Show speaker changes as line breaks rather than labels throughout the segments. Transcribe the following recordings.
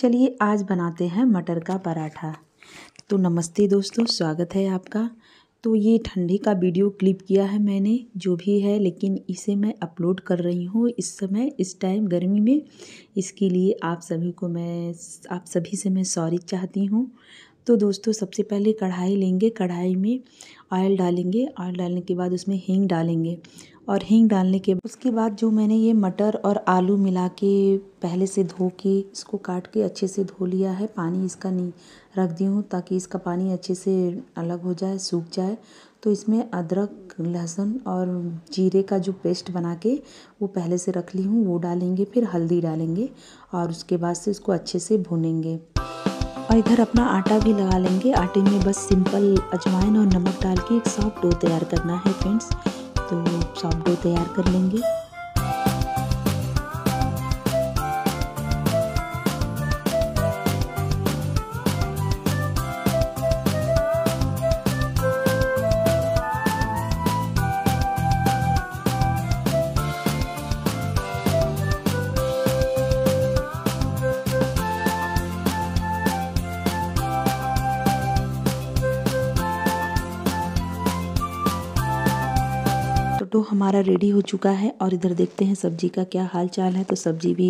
चलिए आज बनाते हैं मटर का पराठा तो नमस्ते दोस्तों स्वागत है आपका तो ये ठंडी का वीडियो क्लिप किया है मैंने जो भी है लेकिन इसे मैं अपलोड कर रही हूँ इस समय इस टाइम गर्मी में इसके लिए आप सभी को मैं आप सभी से मैं सॉरी चाहती हूँ तो दोस्तों सबसे पहले कढ़ाई लेंगे कढ़ाई में ऑयल डालेंगे ऑयल डालने के बाद उसमें हींग डालेंगे और हींग डालने के उसके बाद जो मैंने ये मटर और आलू मिला के पहले से धो के इसको काट के अच्छे से धो लिया है पानी इसका नहीं रख दी हूँ ताकि इसका पानी अच्छे से अलग हो जाए सूख जाए तो इसमें अदरक लहसुन और जीरे का जो पेस्ट बना के वो पहले से रख ली हूँ वो डालेंगे फिर हल्दी डालेंगे और उसके बाद से इसको अच्छे से भूनेंगे और इधर अपना आटा भी लगा लेंगे आटे में बस सिंपल अजवाइन और नमक डाल के एक सॉफ्ट डो तैयार करना है फ्रेंड्स तो सॉफ्ट डो तैयार कर लेंगे तो हमारा रेडी हो चुका है और इधर देखते हैं सब्जी का क्या हाल चाल है तो सब्जी भी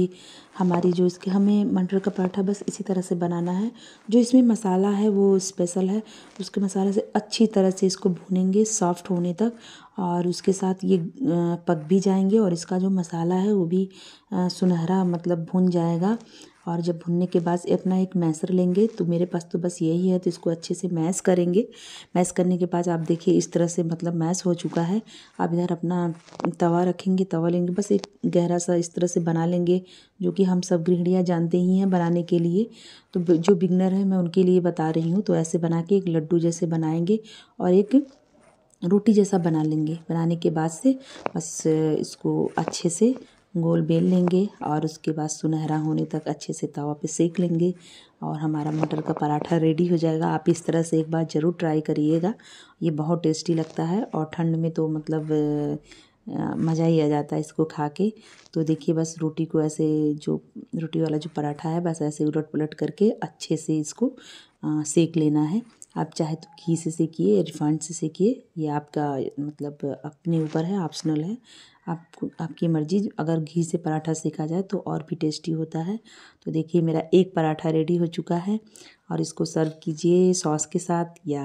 हमारी जो इसके हमें मटर का पराठा बस इसी तरह से बनाना है जो इसमें मसाला है वो स्पेशल है उसके मसाले से अच्छी तरह से इसको भूनेंगे सॉफ्ट होने तक और उसके साथ ये पक भी जाएंगे और इसका जो मसाला है वो भी सुनहरा मतलब भुन जाएगा और जब भुनने के बाद अपना एक मैसर लेंगे तो मेरे पास तो बस यही है तो इसको अच्छे से मैस करेंगे मैस करने के बाद आप देखिए इस तरह से मतलब मैस हो चुका है आप इधर अपना तवा रखेंगे तवा लेंगे बस एक गहरा सा इस तरह से बना लेंगे जो कि हम सब गृहणियाँ जानते ही हैं बनाने के लिए तो जो बिगनर है मैं उनके लिए बता रही हूँ तो ऐसे बना के एक लड्डू जैसे बनाएंगे और एक रोटी जैसा बना लेंगे बनाने के बाद से बस इसको अच्छे से गोल बेल लेंगे और उसके बाद सुनहरा होने तक अच्छे से तवा पे सेक लेंगे और हमारा मटर का पराठा रेडी हो जाएगा आप इस तरह से एक बार ज़रूर ट्राई करिएगा ये बहुत टेस्टी लगता है और ठंड में तो मतलब मज़ा ही आ जाता है इसको खा के तो देखिए बस रोटी को ऐसे जो रोटी वाला जो पराठा है बस ऐसे उलट पलट करके अच्छे से इसको सेक लेना है आप चाहे तो घी से सेकिए रिफाइंड से सेकिए ये आपका मतलब अपने ऊपर है ऑप्शनल है आपको आपकी मर्ज़ी अगर घी से पराठा सेका जाए तो और भी टेस्टी होता है तो देखिए मेरा एक पराठा रेडी हो चुका है और इसको सर्व कीजिए सॉस के साथ या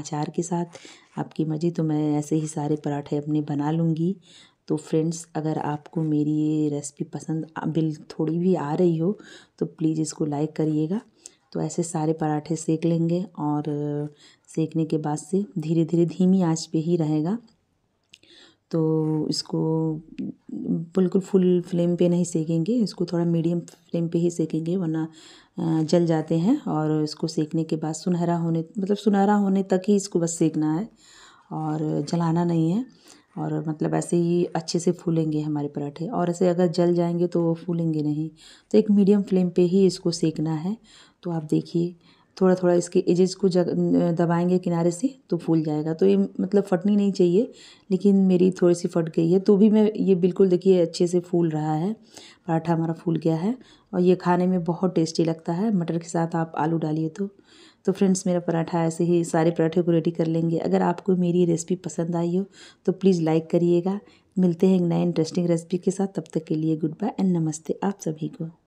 अचार के साथ आपकी मर्ज़ी तो मैं ऐसे ही सारे पराठे अपने बना लूँगी तो फ्रेंड्स अगर आपको मेरी ये रेसिपी पसंद बिल थोड़ी भी आ रही हो तो प्लीज़ इसको लाइक करिएगा तो ऐसे सारे पराठे सेक लेंगे और सेकने के बाद से धीरे धीरे धीमी आंच पे ही रहेगा तो इसको बिल्कुल फुल फ्लेम पे नहीं सेकेंगे इसको थोड़ा मीडियम फ्लेम पे ही सेकेंगे वरना जल जाते हैं और इसको सेकने के बाद सुनहरा होने मतलब सुनहरा होने तक ही इसको बस सेकना है और जलाना नहीं है और मतलब ऐसे ही अच्छे से फूलेंगे हमारे पराठे और ऐसे अगर जल जाएंगे तो वो फूलेंगे नहीं तो एक मीडियम फ्लेम पे ही इसको सेकना है तो आप देखिए थोड़ा थोड़ा इसके एजेस को जग दबाएंगे किनारे से तो फूल जाएगा तो ये मतलब फटनी नहीं चाहिए लेकिन मेरी थोड़ी सी फट गई है तो भी मैं ये बिल्कुल देखिए अच्छे से फूल रहा है पराठा हमारा फूल गया है और ये खाने में बहुत टेस्टी लगता है मटर के साथ आप आलू डालिए तो तो फ्रेंड्स मेरा पराठा ऐसे ही सारे पराठे को रेडी कर लेंगे अगर आपको मेरी रेसिपी पसंद आई हो तो प्लीज़ लाइक करिएगा मिलते हैं एक नए इंटरेस्टिंग रेसिपी के साथ तब तक के लिए गुड बाय एंड नमस्ते आप सभी को